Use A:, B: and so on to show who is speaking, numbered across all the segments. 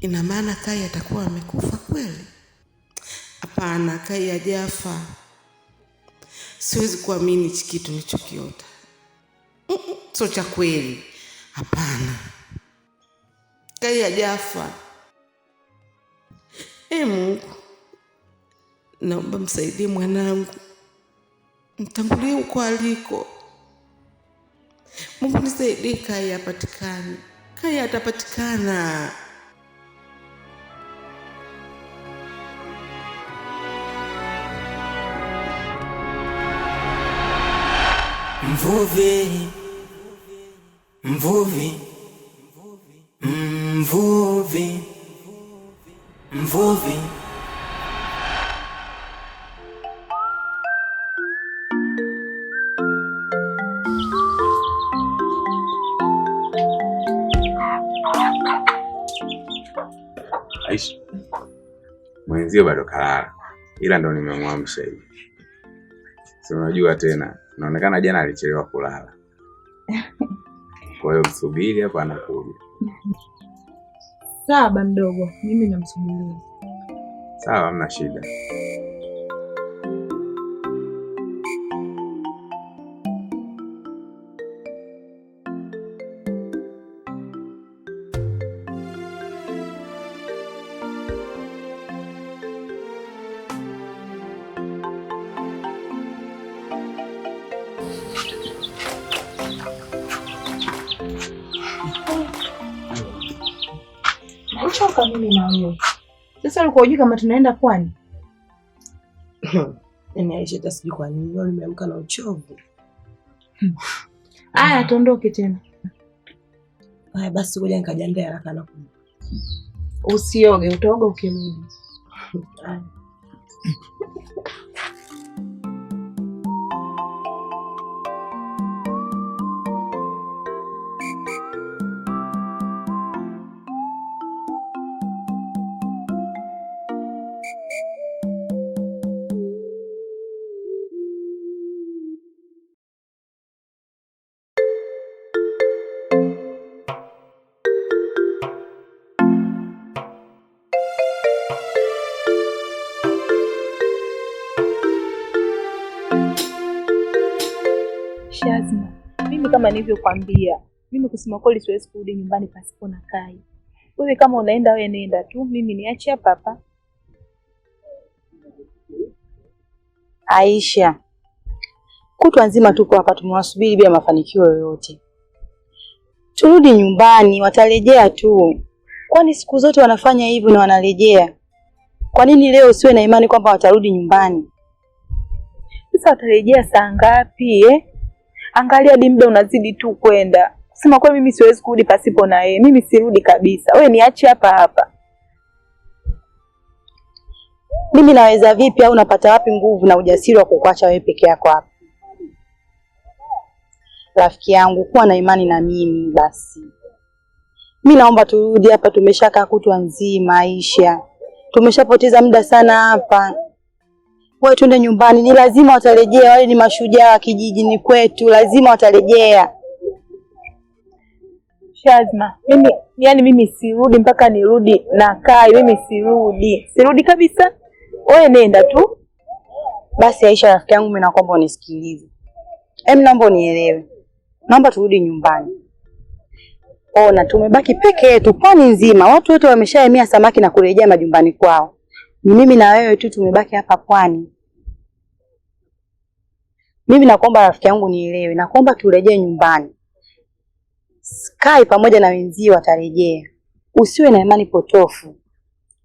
A: Ina maana Kai atakuwa amekufa kweli? Hapana, Kai hajafa siwezi kuamini hichi kitu nilichokiota, mm sio cha kweli. Hapana, Kai Jafa. E ee Mungu, naomba msaidie mwanangu, mtangulie huko aliko. Mungu nisaidie, Kai apatikane. Kai atapatikana.
B: Mvuvi, mvuvi, mvuvi, mvuvi.
C: Aisha mwenzio bado kalala, ila ndo nimemwamsha hivi. Tunajua tena, naonekana jana alichelewa kulala, kwa hiyo msubiri hapa, anakuja.
D: Saba mdogo, mimi namsubiria.
C: Sawa, hamna shida.
D: huyo. Sasa ulikuwa unajua kama tunaenda pwani?
A: Aisha, yaani sijui kwa nini leo nimeamka na uchovu.
D: Aya, ah. tuondoke tena.
A: Aya, basi ngoja nikajiandae haraka na kuja.
D: Usioge, utaoga ukirudi. kama nilivyokwambia, mimi kusema kweli siwezi kurudi nyumbani pasipo na Kai. Wewe kama unaenda wewe nenda tu, mimi niache hapa hapa.
E: Aisha, kutwa nzima tuko hapa tumewasubiri bila mafanikio yoyote. Turudi nyumbani, watarejea tu, kwani siku zote wanafanya hivyo na wanarejea. Kwa nini leo usiwe na imani kwamba watarudi nyumbani?
D: Sasa watarejea saa ngapi eh? angalia hadi muda unazidi tu kwenda. sema kwa mimi siwezi kurudi pasipo na yeye, mimi sirudi kabisa. Wewe niache hapa hapa,
E: mimi naweza vipi? Au napata wapi nguvu na ujasiri wa kukuacha wewe peke yako hapa? Rafiki yangu, kuwa na imani na mimi basi. Mi naomba turudi hapa, tumeshakaa kutwa nzima, Aisha, tumeshapoteza muda sana hapa wewe, twende nyumbani, ni lazima watarejea. Wale ni mashujaa wa kijijini kwetu, lazima watarejea.
D: Shazma, mimi yani, mimi sirudi mpaka nirudi na Kai. Mimi sirudi, sirudi kabisa. Wewe nenda tu
E: basi. Aisha rafiki yangu, mimi nakuomba unisikilize, em, naomba unielewe, naomba turudi nyumbani. Ona tumebaki peke yetu, pwani nzima watu wote wameshaemea samaki na kurejea majumbani kwao ni mimi na wewe tu tumebaki hapa pwani. Mimi nakuomba rafiki yangu nielewe, nakuomba turejee nyumbani. Sky pamoja na wenzio watarejea, usiwe na imani potofu.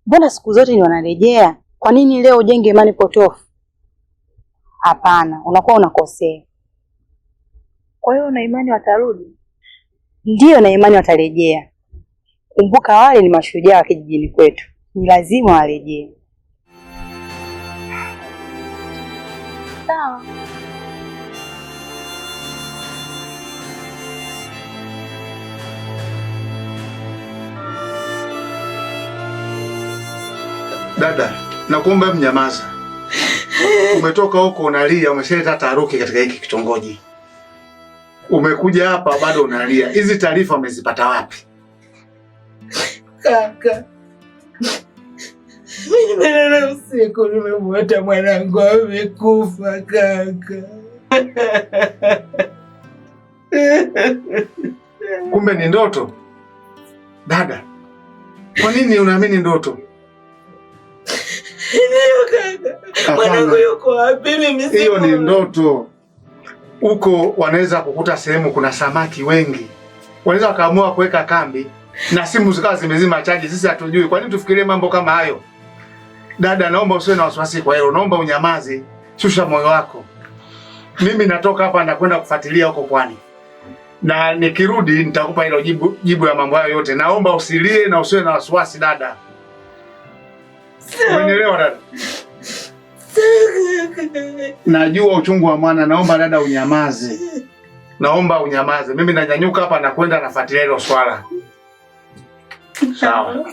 E: Mbona siku zote ni wanarejea? Kwa nini leo ujenge imani potofu? Hapana, unakuwa unakosea.
D: Kwa hiyo una imani watarudi?
E: Ndiyo, na imani watarejea. Kumbuka wale ni mashujaa wa kijijini kwetu, ni lazima warejee.
F: Dada, nakuomba mnyamaza. Umetoka huko unalia, umeshaleta taharuki katika hiki kitongoji. Umekuja hapa bado unalia. Hizi taarifa umezipata wapi?
A: Kaka. Mimi nimelala usiku nimemwota mwanangu amekufa kaka.
F: Kumbe ni ndoto. Dada, kwa nini unaamini ndoto?
A: mwanangu yuko wapi?
F: Hiyo ni ndoto. Huko wanaweza kukuta sehemu kuna samaki wengi, wanaweza wakaamua kuweka kambi na simu zikawa zimezima chaji. Sisi hatujui. Kwa nini tufikirie mambo kama hayo? Dada, naomba usiwe na wasiwasi kwa hilo, naomba unyamaze, shusha moyo wako. Mimi natoka hapa na kwenda kufuatilia huko pwani, na nikirudi nitakupa hilo jibu, jibu ya mambo hayo yote. Naomba usilie na usiwe na wasiwasi dada. Unielewa dada? Najua uchungu wa mwana, naomba dada unyamaze. Naomba unyamaze. Mimi nanyanyuka hapa na kwenda nafuatilia hilo swala.
A: Sawa.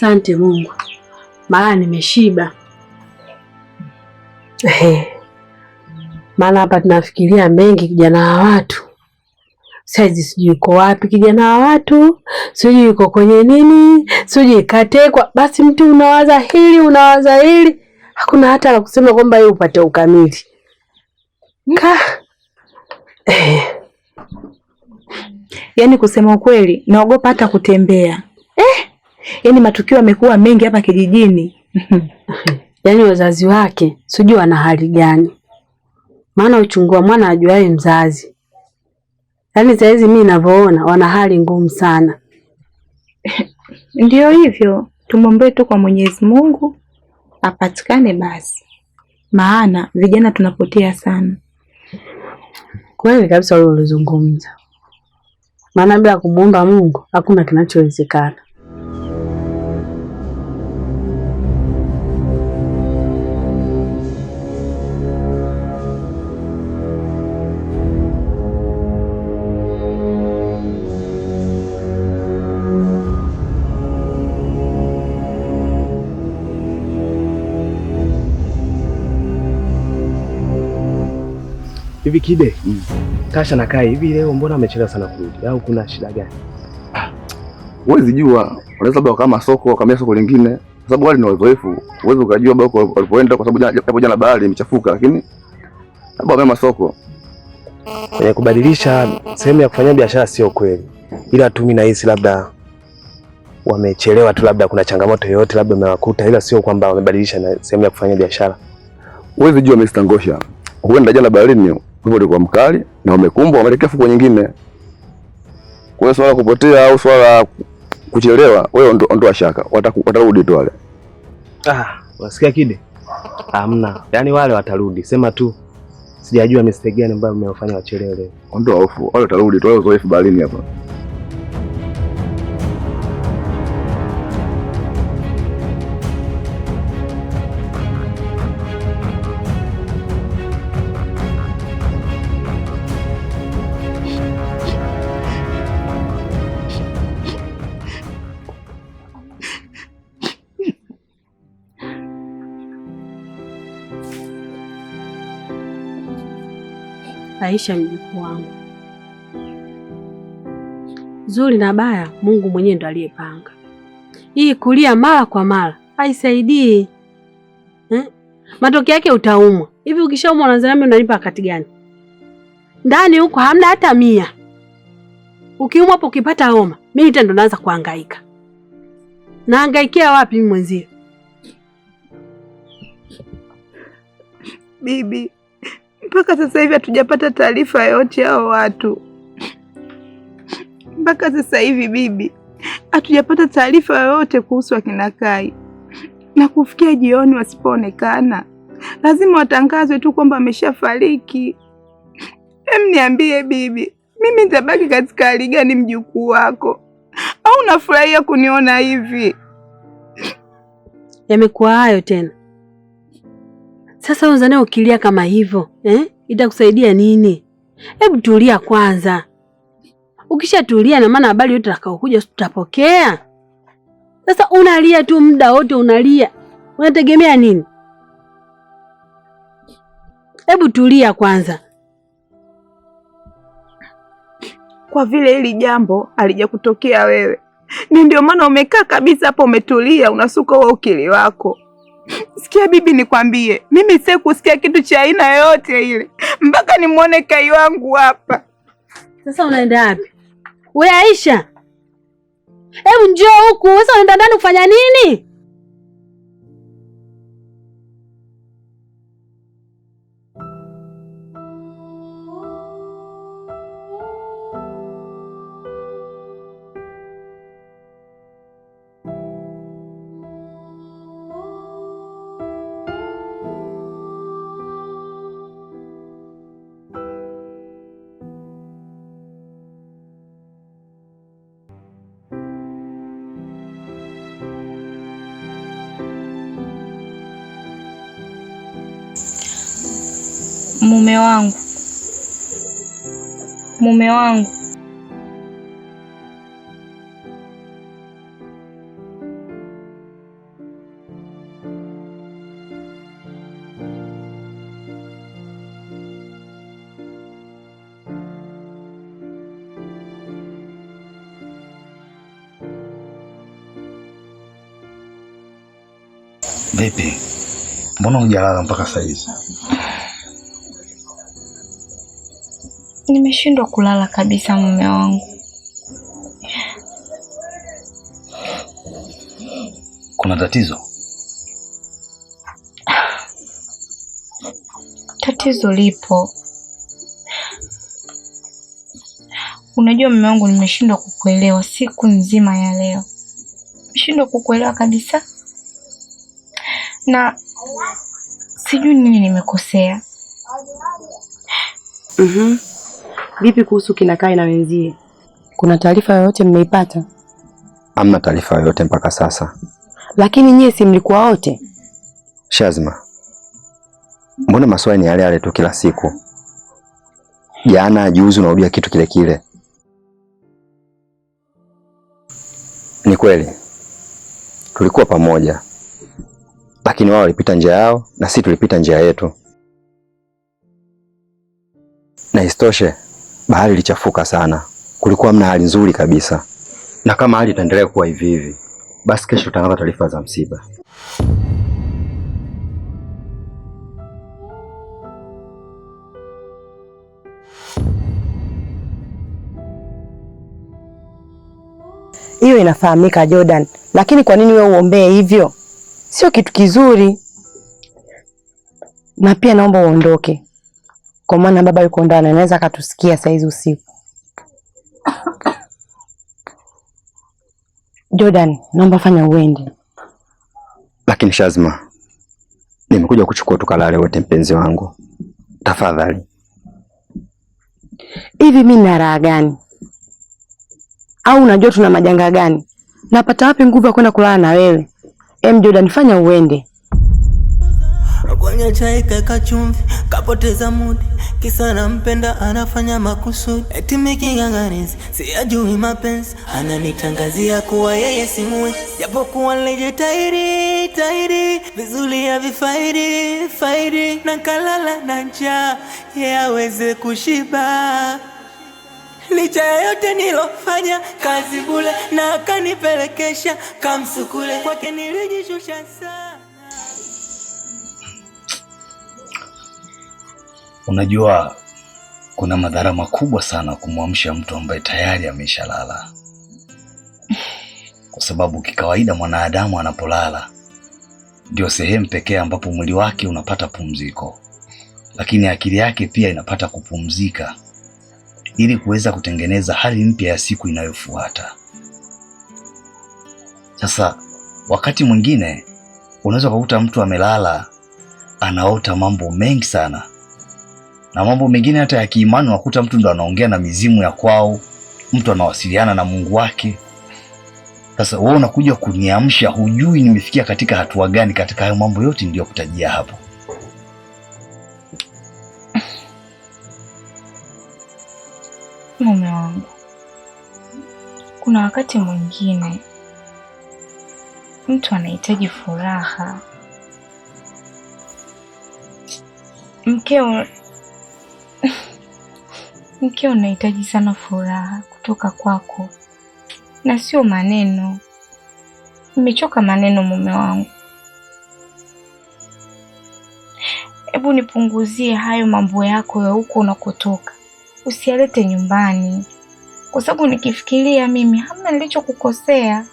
A: Asante Mungu, maana nimeshiba. Maana hapa tunafikiria mengi, kijana wa watu saizi sijui yuko wapi, kijana wa watu sijui yuko kwenye nini, sijui katekwa. Basi mtu unawaza hili unawaza hili, hakuna hata la kusema kwamba yeye upate ukamili ka eh. Yaani kusema ukweli, naogopa hata kutembea eh. Yaani matukio yamekuwa mengi hapa kijijini. Yaani wazazi wake sijui wana hali gani, maana uchungua mwana ajuaye mzazi. Yaani saizi mimi ninavyoona wana hali ngumu sana.
D: Ndiyo hivyo, tumwombee tu kwa Mwenyezi Mungu apatikane basi, maana vijana tunapotea sana.
A: Kweli kabisa ulizungumza maana bila kumuomba Mungu hakuna kinachowezekana.
G: Hivi Kide, mm. Tasha na Kai hivi leo mbona amechelewa sana kurudi au kuna shida gani? Ah,
H: huwezi jua, unaweza labda kama soko kama soko lingine, kwa sababu wale ni wazoefu. Huwezi ukajua bado walipoenda, kwa sababu japo jana bahari imechafuka, lakini labda wamema soko
G: kwenye kubadilisha sehemu ya kufanya biashara. Sio kweli, ila tu mimi nahisi labda wamechelewa tu, labda kuna changamoto yoyote labda imewakuta, ila sio kwamba wamebadilisha sehemu ya kufanya biashara.
H: Huwezi jua Mr. Ngosha, huenda jana baharini upepo ulikuwa mkali na umekumbwa, wameelekea fuko nyingine. Kwa hiyo swala kupotea au swala kuchelewa, wewe ondoa shaka, watarudi tu wale.
G: Ah, wasikia kide? Hamna, yaani wale watarudi, sema tu sijajua mistake gani ambayo mmefanya wachelewe.
H: Ondoa hofu, wale watarudi tu, wale uzoefu baharini hapa.
E: Aisha mjukuu wangu. Zuri na baya Mungu mwenyewe ndo aliyepanga. Hii kulia mara kwa mara haisaidii eh? Matokeo yake utaumwa. Hivi ukishaumwa unazani unalipa wakati gani? Ndani huko hamna hata mia. Ukiumwa hapo ukipata homa, mimi tena ndo naanza kuhangaika. Nahangaikia wapi mimi mwenzio?
A: Bibi, mpaka sasa hivi hatujapata taarifa yoyote hao watu. Mpaka sasa hivi bibi, hatujapata taarifa yoyote kuhusu akina Kai, na kufikia jioni wasipoonekana, lazima watangazwe tu kwamba ameshafariki. Em, niambie bibi, mimi nitabaki katika hali gani mjukuu wako? Au unafurahia kuniona hivi?
E: Yamekuwa hayo tena sasa uzane ukilia kama hivyo eh? Itakusaidia nini? Hebu tulia kwanza. tulia na maana habari yote utakaokuja tutapokea. Sasa unalia tu muda wote unalia, unategemea nini? Hebu tulia kwanza.
A: Kwa vile hili jambo kutokea wewe, ni ndio maana umekaa kabisa hapo, umetulia, unasuka huo ukili wako. Sikia bibi, nikwambie, mimi se kusikia kitu cha aina yoyote ile mpaka nimwone Kai wangu hapa.
E: Sasa unaenda wapi we Aisha? Hebu njoo huku. Sasa unaenda ndani kufanya nini?
D: Mume wangu, mume wangu,
I: vipi? Mbona hujalala mpaka saizi?
D: nimeshindwa kulala kabisa mume wangu.
I: Kuna tatizo?
D: Tatizo lipo. Unajua mume wangu, nimeshindwa kukuelewa siku nzima ya leo, nimeshindwa kukuelewa kabisa, na sijui nini nimekosea.
E: mm -hmm. Vipi kuhusu kinakai na wenzie, kuna taarifa yoyote mmeipata?
I: Amna taarifa yoyote mpaka sasa.
E: Lakini nyie si mlikuwa wote?
I: Shazma, mbona maswali ni yale yale tu kila siku? Jana juzi unarudia kitu kile kile. Ni kweli tulikuwa pamoja, lakini wao walipita njia yao na sisi tulipita njia yetu, na isitoshe bahari ilichafuka sana, kulikuwa mna hali nzuri kabisa, na kama hali itaendelea kuwa hivi hivi, basi kesho tutangaza taarifa za msiba.
E: Hiyo inafahamika Jordan, lakini kwa nini wewe uombee hivyo? Sio kitu kizuri, na pia naomba uondoke kwa maana baba yuko ndani, anaweza akatusikia saizi usiku. Jordan, naomba fanya uende.
I: Lakini Shazma, nimekuja kuchukua tukalale wote, mpenzi wangu, tafadhali.
E: Hivi mi na raha gani? Au unajua tuna majanga gani? Napata wapi nguvu ya kwenda kulala na wewe? Em, Jordan, fanya uende.
J: Kwenye chai kaeka chumvi, kapoteza mudi Kisa nampenda anafanya makusudi, eti miking'ang'anizi si mapenzi, ananitangazia kuwa yeye simwe, japokuwa kuwa leje tairi tairi vizuri ya vifairi faidi, na kalala na njaa ye aweze kushiba licha ya yote nilofanya kazi bule, na akanipelekesha kamsukule kwake nilijishusha saa
I: Unajua kuna madhara makubwa sana kumwamsha mtu ambaye tayari ameshalala, kwa sababu kikawaida mwanadamu anapolala ndio sehemu pekee ambapo mwili wake unapata pumziko, lakini akili yake pia inapata kupumzika ili kuweza kutengeneza hali mpya ya siku inayofuata. Sasa wakati mwingine unaweza kukuta mtu amelala anaota mambo mengi sana na mambo mengine hata ya kiimani, unakuta mtu ndo anaongea na mizimu ya kwao, mtu anawasiliana na Mungu wake. Sasa wewe unakuja kuniamsha, hujui nimefikia katika hatua gani katika hayo mambo yote kutajia hapo.
D: Mume wangu, kuna wakati mwingine mtu anahitaji furaha mkeo nikiwa unahitaji sana furaha kutoka kwako na sio maneno. Nimechoka maneno, mume wangu, hebu nipunguzie hayo mambo yako ya huko unakotoka, usialete nyumbani, kwa sababu nikifikiria mimi hamna nilichokukosea,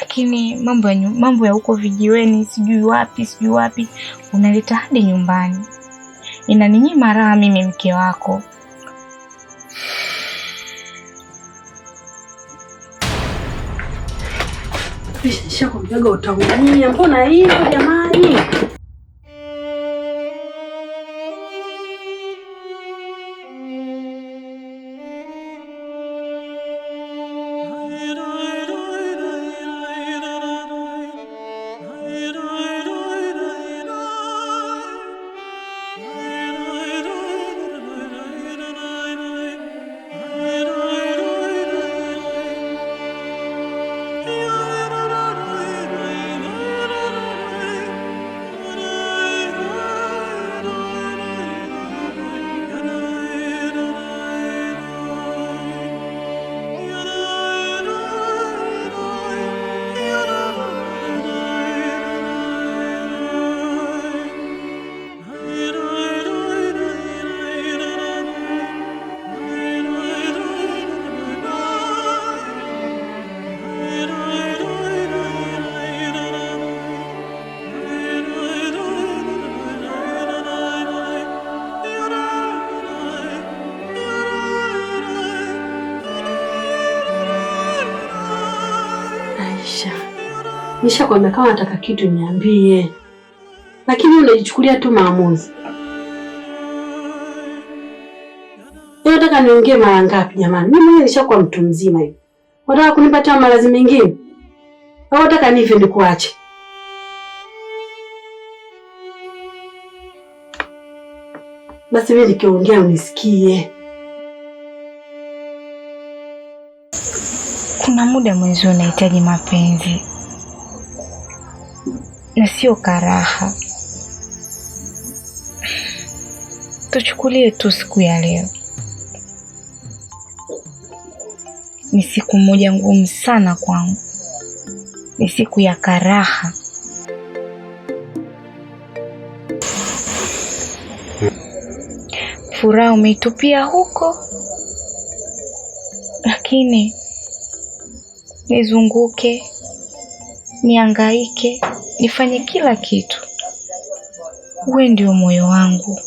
D: lakini mambo ya mambo ya huko vijiweni, sijui wapi, sijui wapi, unaleta hadi nyumbani, inaninyima raha mimi, mke wako.
A: ukisha kujaga utaumia. Mbona hivyo jamani?
E: nisha kwambia kama nataka kitu niambie, lakini unajichukulia tu maamuzi. Nataka niongee mara ngapi jamani? Mimi mwenyewe nishakuwa mtu mzima hivi, wataka kunipatia marazi mengine au nataka nife nikuache? Basi mimi nikiongea unisikie.
D: Kuna muda mwenzio unahitaji mapenzi na sio karaha. Tuchukulie tu siku ya leo ni siku moja ngumu sana kwangu, ni siku ya karaha. Furaha umeitupia huko, lakini nizunguke niangaike nifanye kila kitu. Wewe ndio moyo wangu,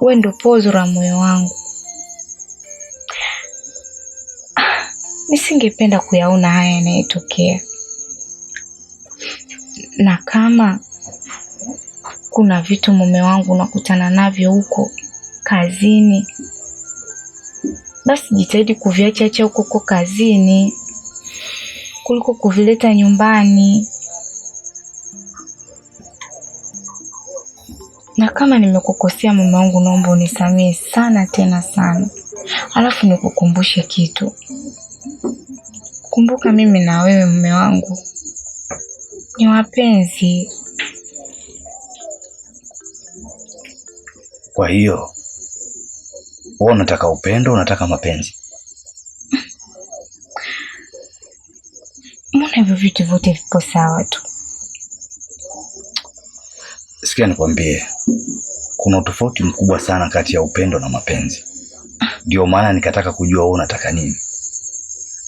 D: wewe ndio pozo la moyo wangu. Ah, nisingependa kuyaona haya yanayotokea, na kama kuna vitu mume wangu unakutana navyo huko kazini, basi jitahidi kuviacha huko huko kazini kuliko kuvileta nyumbani. na kama nimekukosea mume wangu, naomba unisamehe sana tena sana. Alafu nikukumbushe kitu, kumbuka mimi na wewe mume wangu ni wapenzi.
I: Kwa hiyo wewe unataka upendo, unataka mapenzi?
D: Mbona hivyo vitu vyote vipo sawa tu?
I: Sikia nikwambie, kuna utofauti mkubwa sana kati ya upendo na mapenzi. Ndio maana nikataka kujua wewe unataka nini,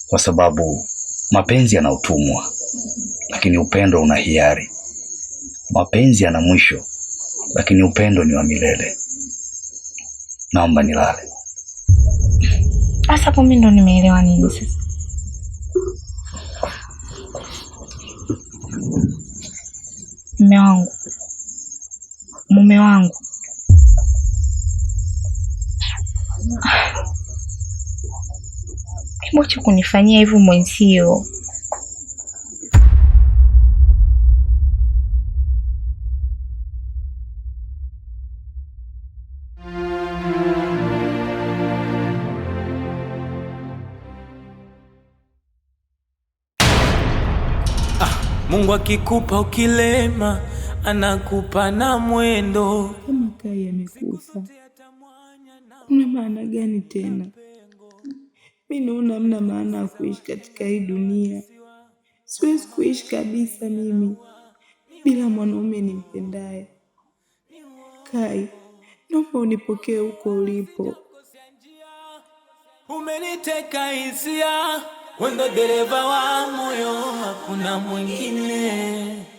I: kwa sababu mapenzi yana utumwa, lakini upendo una hiari. Mapenzi yana mwisho, lakini upendo ni wa milele. Naomba nilale.
D: Sasa hapo mimi ndo nimeelewa nini sasa? Mme wangu mume wangu Wacha kunifanyia hivyo mwenzio.
K: Ah, Mungu akikupa ukilema anakupa na mwendo.
A: Kama Kai amekufa kuna maana gani tena? Mi naona mna maana ya kuishi katika hii dunia. Siwezi kuishi kabisa mimi bila mwanaume nimpendaye. Kai, naomba unipokee huko ulipo.
L: Umeniteka hisia, wendo dereva wa moyo, hakuna mwingine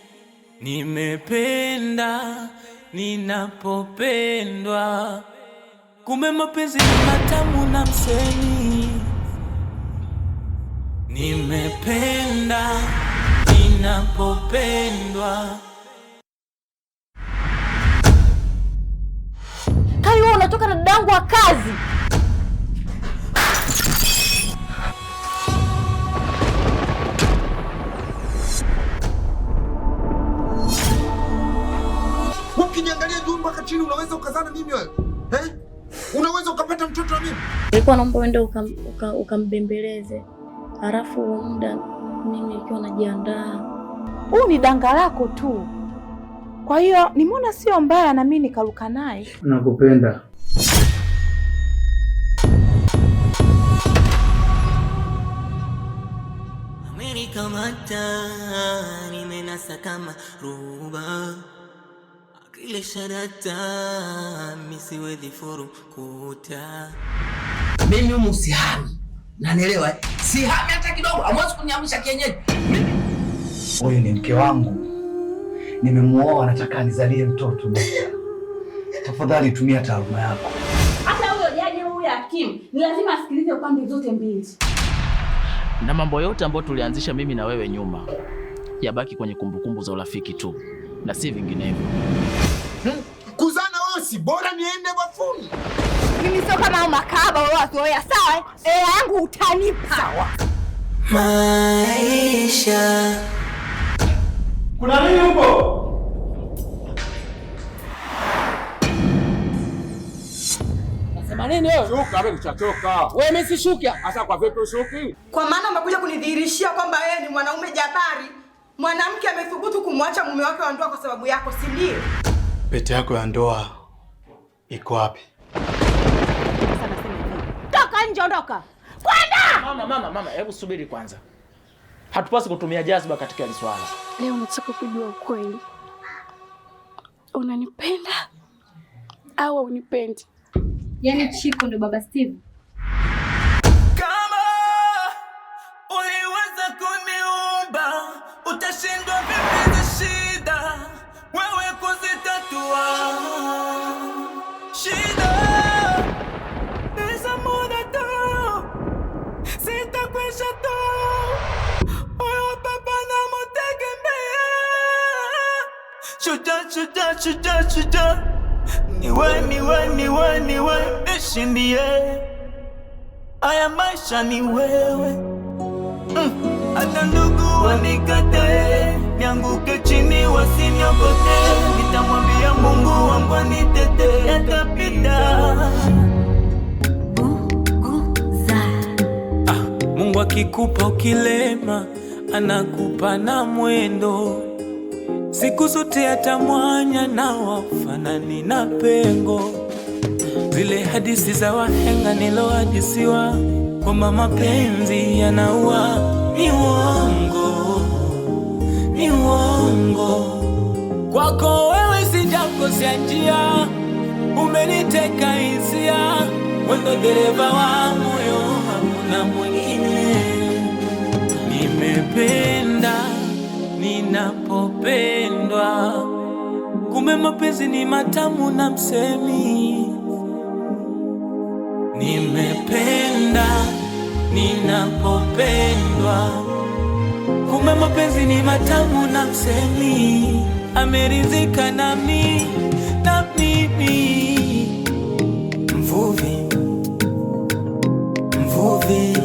L: Nimependa ninapopendwa, kumbe mapenzi ni matamu na mseni Nimependa ninapopendwa.
E: Kai, unatoka na dadangu wa kazi
M: niangalie juu mpaka chini, unaweza ukazana mimi wewe eh? Unaweza ukapata mtoto na mimi?
D: Nilikuwa naomba uende ukambembeleze uka, uka alafu muda mimi nikiwa najiandaa.
E: Huu ni danga lako tu, kwa hiyo nimeona sio mbaya na mimi nikaruka naye.
I: Nakupenda. Amerika mata
N: nimenasa kama ruba ile siwezi furukuta Mimi humu sihami, nanielewa? Sihami hata kidogo, hamwezi kuniamsha kienyeji.
I: Huyu ni mke wangu, nimemuoa, nataka nizalie mtoto. Tafadhali tumia taaluma yako.
E: Hata huyo jaji huyo hakimu ni lazima asikilize pande zote mbili,
O: na mambo yote ambayo tulianzisha mimi na wewe nyuma yabaki kwenye kumbukumbu za urafiki tu na si vinginevyo
M: si bora niende bafuni.
E: Mimi sio kama au wa watu oya, Sawa, eh ee yangu utanipa. Sawa. Maisha.
M: Kuna nini huko? Nasema nini wewe?
P: Shuka wewe mchachoka.
M: Wewe mimi si shuka.
P: Sasa kwa vipi ushuki?
E: Kwa maana umekuja kunidhihirishia kwamba yeye ni mwanaume jabari. Mwanamke amethubutu kumwacha mume wake wa ndoa kwa sababu yako, si ndio?
I: Pete yako ya ndoa iko wapi?
E: Toka nje, ondoka, kwenda! Mama,
O: mama, mama, hebu subiri kwanza. Hatupasi kutumia jazba katika hili swala.
D: Leo nataka kujua ukweli, unanipenda au unipendi?
E: Yaani Chiko ndo baba Steve Şurada şurada şurada şurada Niwe niwe niwe niwe Nishindie Aya maisha ni wewe Hata mm. ndugu wanikatae Nianguke chini wasiniokote Nitamwambia Mungu wangu anitete Yatapita ah, Mungu akikupa ukilema Anakupa na mwendo siku zote atamwanya na wafanani na pengo. Zile hadisi za wahenga nilohadisiwa kwamba mapenzi yanaua, ni uongo, ni uongo. Kwako wewe sijakosea njia, umeniteka hisia, wendo dereva wa moyo, hakuna mwingine nimependa mpendwa, kume mapenzi ni matamu na msemi. Nimependa ninapopendwa, kume mapenzi ni matamu na msemi. Ameridhika nami na mimi mvuvi mvuvi